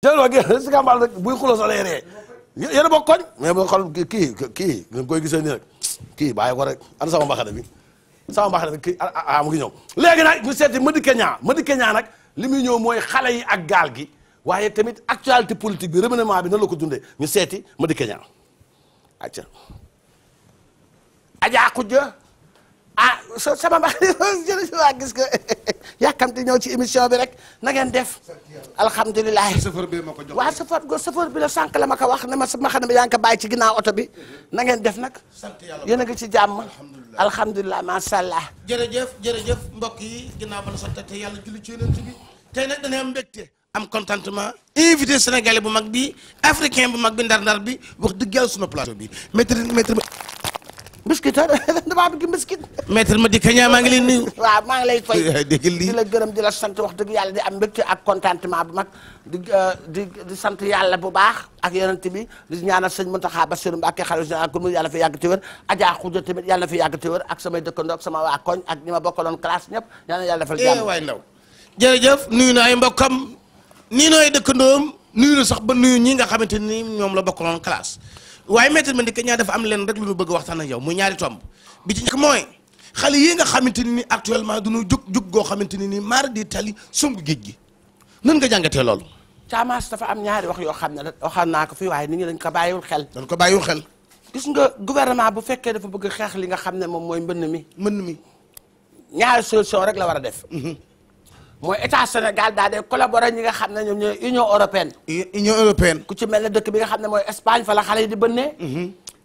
jërëjëf Guèye si Kambal rek buy xuloo sax lay ree yéen a koñ mais boo xool kii kii kii nga koy gisee nii rek kii bàyyi ko rek ana sama mbaxane bi sama mbaxane bi kii ah ñëw. léegi nag ñu seeti Madi Kenya Madi Kenya nag li muy ñëw mooy xale yi ak gaal gi waaye tamit actualité politique bi remaniement bi na la ko dundee ñu seeti Madi Kenya. acca Adja Khoudia. ah so sama mbax jërëjëf waa gis nga yàkkamti ñëw ci émission bi rek na ngeen def alhamdulilah sëfër bi ma ko jox waaw sëfër go sëfër bi la sànq la ma ka wax ne ma sama xam ne yaa bàyyi ci ginnaaw oto bi na ngeen def nag yéen a ngi ci jàmm alhamdulilah macha allah jërëjëf jërëjëf mbokk yi ginnaaw ba la santate yàlla julli ci yonent bi tey nag dana am mbégte am contentement invité sénégalais bu mag bi africain bu mag bi ndar ndar bi wax dëgg yàlla suma plateau bi maître maître biscuit damaa bëgg biscuit. maître Madické Niang maa ngi lay nuyu. waaw maa ngi lay fay di la gërëm di la sant wax dëgg yàlla di am mbégte ak contentement bu mag di euh, sant yàlla bu baax ak yonent bi di ñaanal sëñ Mountakha Bassirou ba xalifa général ku mu yàlla fi yàgg te wér Adja Khoudia tamit yàlla fi yàgg te wér ak samay dëkkandoo ak sama waa koñ ak ñi ma loon classe ñëpp yàlla yàlla defal jàmm. Eh, waay ndaw jërëjëf nuyu na ay mbokkam nii nooy dëkkandoom nuyu na sax ba nuyu ñi nga xamante ni ñoom la loon classe waaye maître Madické Niang dafa am leen rek lu ñu bëgg waxtaan ak yow muy ñaari tomb bi ci njëkk mooy xale yi nga xamante nii actuellement du ñu jug jug goo xamante ni nii maar di tali sumb géej gi nan nga jàngatee loolu. Caamaas dafa am ñaari wax yoo xam ne waxoon naa ko fii waaye nit ñi dañ ko bàyyiwul xel. dañ ko bàyyiwul xel. gis nga gouvernement bu fekkee dafa bëgg xeex li nga xam ne moom mooy mbënn mi. mbënn mi ñaari solution rek la war a def. Mhm. mooy état Sénégal daal de collaborer nga xam ne ñoom ñooy union européenne. union européenne. ku ci mel ne dëkk bi nga xam ne mooy Espagne fa xale yi di bënnee.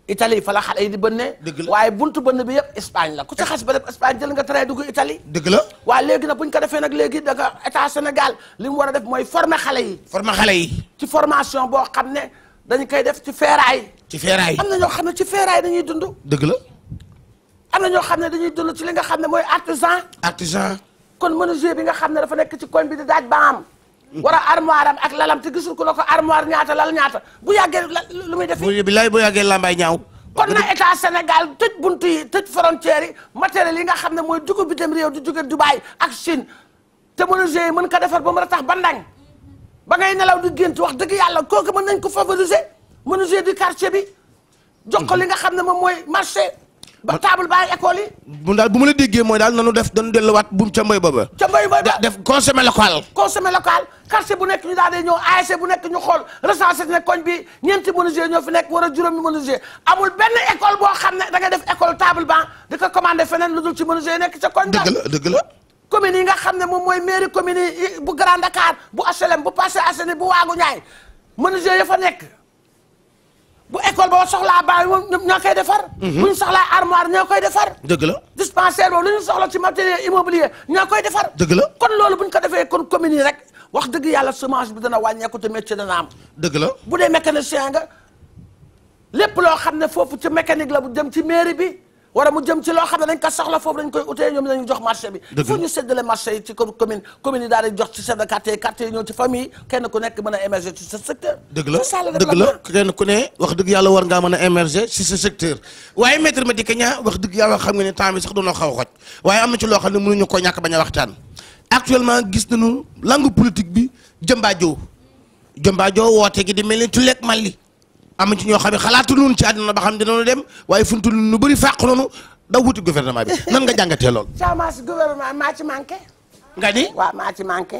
Italie fala la xale yi di bënnee. Mm-hmm. la waaye buntu bënn bi yëpp Espagne la ku ci eh. xas ba dem Espagne jël nga train dugg Italie. dëgg la waaye léegi nag bu ñu ko defee nag léegi da état Sénégal li mu war a def mooy former xale yi. former xale yi. ci formation boo xam ne dañu koy def ci feeraay. ci feeraay am na ñoo xam ne ci feeraay dañuy dund. dëgg na ñoo xam ne dañuy dund ci li nga xam ne mooy artisan. artisan. kon menuisier bi nga xam ne dafa nekk ci koñ bi di daaj baam. war a armoire am ak lalam te gisul ku la ko armoire ñaata lal ñaata bu yàggee lu muy def. bi lay bu yàggee lambay ñaaw. kon na état Sénégal tëj buntu yi tëj frontière yi matériel yi nga xam ne mooy dugub bitim réew di jóge Dubaï ak Chine te menuisier yi mën ko defar ba mu tax ba ndaŋ ba ngay nelaw di gént wax dëgg yàlla kooku mën nañ ko a menuisier du quartier bi jox li nga xam ne moom mooy marché. ba table ba école yi. bu daal bu ma la déggee mooy daal nanu def dañu delluwaat buum ca mbay booba. ca mbay booba def consommer local. consommer local quartier bu nekk ñu daal di ñëw ASC bu nekk ñu xool recensé ne koñ bi ñeenti menuisier ñoo fi nekk war a juróomi menuisier amul benn école boo xam ne da nga def école table banc di ko commandé feneen lu dul ci menuisier nekk ca koñ. dëgg dëgg la. communes yi nga xam ne moom mooy mairie commune yi bu Grand Dakar bu nekk. bu école boo soxlaa baay ñoo koy defar. Mhm. bu ñu soxlaa armoire ñoo koy defar. dëgg la dispensaire boobu lu ñu soxla ci matériel immobilier ñoo koy defar. dëgg la kon loolu bu ñu ko defee kon communes yi rek wax dëgg yàlla semence bi dana wàññeeku te métier dana am. dëgg la bu dee mécanicien ga lép loo xam ne foofu ci mécanique la bu dem ci mairie bi. wala mu jëm ci loo xam ne dañ ko soxla foofu dañ koy utee ñoom la ñu jox marché bi fu ñu séddale marché yi ci commune commune yi daal di jox ci chef de quartier quartier yi ñëw ci famille kenn ku nekk mën a émerger ci sa secteur dëgg la dëgg la kenn wax dëgg yàlla war ngaa mën a émerger ci sa secteur waaye maître Madické Niang wax dëgg yàlla xam nga ne temps bi sax doonoo xaw a xoj waaye am na ci loo xam ne mënuñu ko ñàkk bañ a waxtaan actuellement gis nañu langue politique bi jëmbaajoo jëmbaajoo woote gi di mel ni tuleeg Mali am ci ñoo xam ne xalaatu loon ci àdduna ba xam dinañu dem waaye funtu lu bëri fàq noonu daw wuti gouvernement bi nan nga jàngatee lool. caamaas gouvernement maa ci ci manqué.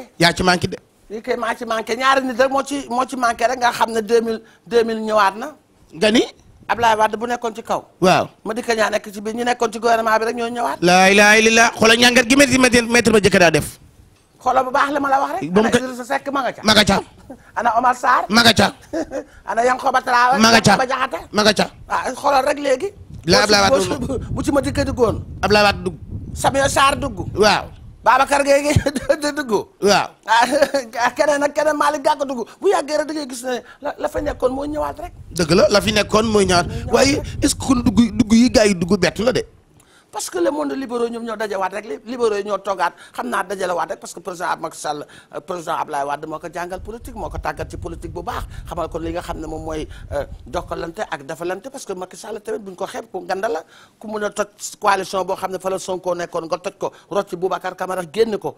moo ci moo ci manqué rek nga xam ne 2000 2000 ñëwaat na. nga ni. Ablaye Wade bu nekkoon ci kaw. waaw ma dikk ñaa nekk ci biir ñu nekkoon ci gouvernement bi rek ñoo ñëwaat. laa ilaaha illallaah xoolal ñàngat gi métti ma jëkk daa def. xoolal bu baax la ma la wax rek. ba mu ko Idrissa Seck ma nga ca ma nga ca. ana Omar Sarr. ma nga ca. ana Yankoba Traoré. ma nga ca ba Jaxate ma nga ca. waaw ah, xoolal rek léegi. la Ablaye Wade dugg bu ci ma dikkee duggoon. Ablaye Wade dugg. Samuel Sarr dugg. waaw. Babacar Gueye gi dugg. waaw. Ah, keneen na keneen Malick Gakou dugg bu yàggee rek da ngay gis ne la la fa nekkoon mooy ñëwaat rek. dëgg la la fi nekkoon mooy ñëwaat waaye est-ce que dugg yi gars yi dugg bett la de. parce que le monde libéraux ñoom ñoo dajawaat rek li libéraux yi ñoo toogaat xam naa dajalewaat rek parce que président Macky Sall euh, président Ablaye Wade moo ko jàngal politique moo ko tàggat ci politique bu baax xamal ko li nga xam ne moom mooy euh, jokkalante ak defalante parce que Macky Sall tamit bu ko xeeb ku nganda ku mun boo xam ne fa nekkoon nga toj ko rocc ci Boubacar Camara génn ko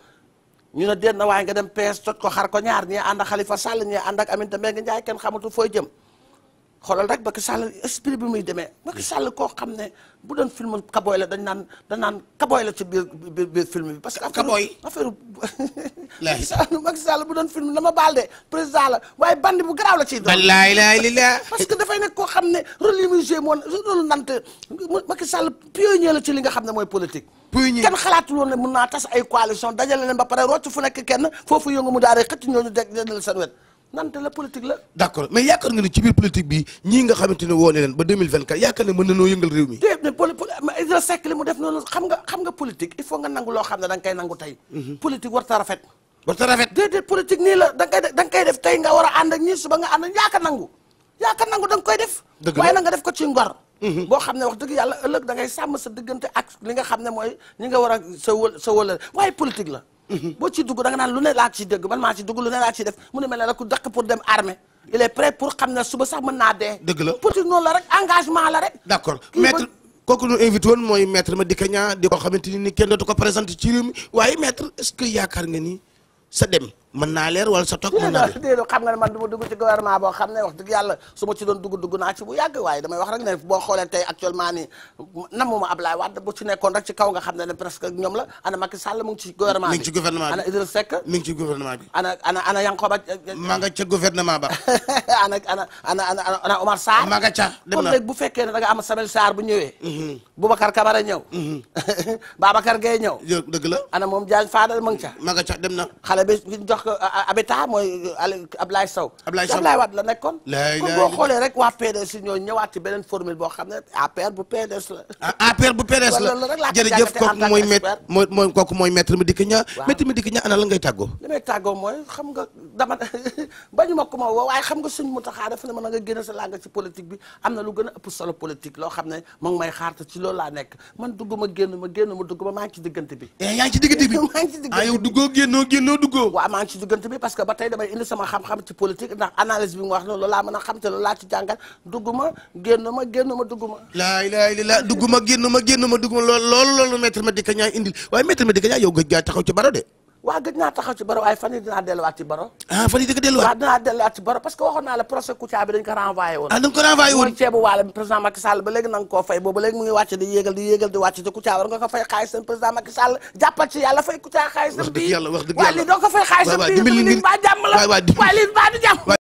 ñu ne déet na waaye nga dem PS toj ko xar ko ñaar ñii ànd ak Khalifa Sall ñii ànd ak xoolal rek Macky Sall esprit bi muy demee Macky Sall koo xam ne bu doon film kabooy la dañ naan dañ naan kabooy la ci biir biir film bi. parce que kabooy affaire Macky Sall Macky bu doon film dama baal de président la waaye bandi bu garaaw la ciy doon. wallaay laay li parce que dafay nekk koo xam ne rôle yi muy joué moom rôle nante Macky Sall la ci li nga xam ne mooy politique. pionnier kenn xalaatul woon ne mun naa tas ay coalition dajale leen ba pare rocc fu nekk kenn foofu yëngu mu daal di ñooñu dégg leen seen wet. nante la politique la. d' accord mais yaakaar nga ni ci biir politique bi ñii nga xamante ne woo ne leen ba 2024 yaakaar ne mën nañoo yëngal réew mi. déedéet poli Idrissa Seck li mu def noonu xam nga xam nga politique nga nangu loo xam ne da nga koy nangu tey. Mhm. politique warut a rafet. warut a rafet nii la da nga koy def tey nga war a ànd suba nga ànd ak nangu. yaaka nangu da koy def. dëgg la na nga def ko ci ngor. Mhm. boo xam ne wax dëgg yàlla ëllëg da ngay sàmm sa diggante ak li nga xam ne mooy nga war a sa wë sa wëla waaye politique la boo ci dugg da naan lu ne laa ci dégg man maa ci dugg lu ne laa ci def mu ne mel ne rek ku dàq pour dem armée il est prêt pour ne suba sax mën naa dee. dëgg la politique noonu la rek engagement la rek. d'accord maître kooku ñu invité woon mooy maître Madické Niang di ko xamante ni kenn dootu ko présenté ci réew mi waaye maître est-ce que yaakaar nga ni sa dem. mën naa leer wala sa toog mën naa leer xam nga ne man du ma dugg ci gouvernement boo xam ne wax dëgg yàlla su ma ci doon dugg dugg naa ci bu yàgg waaye damay wax rek ne boo xoolee tey actuellement ni namuma Ablaye Wade bu ci nekkoon rek ci kaw nga xam ne ne presque ñoom la ana Macky Sall mu ngi ci gouvernement bi mi ngi ci gouvernement bi ana Idriss Seck mi ngi ci gouvernement bi ana ana ana Yankoba ma nga ca gouvernement ba ana ana ana ana ana Omar Sarr ma nga ca dem na kon léegi bu fekkee ne da nga am Samuel Sarr bu ñëwee mhm. Boubacar Camara ñëw mhm. Babacar Gueye ñëw dëgg la ana moom Diagne Fada ma nga ca ma nga ca dem na xale bi jox ko Abeta mooy euh, Ablaye Sow. Ablaye Sow Ablaye Wade la nekkoon. lay kon boo xoolee rek waa PDS ñoo ñëwaat ci beneen formule boo xam ne APR bu PDS la. APR bu PDS la loolu rek laa jërëjëf kooku mooy maître mooy mooy kooku mooy maître ana la ngay tàggoo. li may tàggoo mooy xam nga dama bañu ma ko waaye xam nga suñ mu taxaa dafa ne mën nga génne sa làng ci politique bi am na lu gën a ëpp solo politique loo xam ne moo may xaar te ci loolu laa nekk man dugg ma génn ma génn ma dugg ma maa ngi ci diggante bi. Eh, yaa ngi ci diggante bi parce que ba tey damay indi sama xam-xam ci politique ndax analyse bi mu wax noonu loolu laa mën a xam te loolu laa ci jàngal dugguma génnuma génnuma dugguma laa ilaaha ma dugguma génnuma génnuma dugguma lool loolu loolu maître Madické Niang indil waaye maître Madické Niang yow gëj gaa taxaw ci baro de waa gëj naa taxaw ci baro waaye fan yii dinaa delluwaat baro. ah waaw waxoon naa la procès Kouthia bi dañ ko renvoyé woon. ah dañ ko renvoyé woon mooy ceebu waale président Macky Sall ba léegi na koo fay boobu léegi mu ngi wàcc di yéegal di yéegal di wàcc te Kouthia war nga ko fay xaalisam président Macky Sall ci yàlla fay Kouthia xaalisam bi wax dëgg yàlla wax dëgg yàlla waaye fay xaalisam bi. waay waay dimbali nit waay waay dimbali nit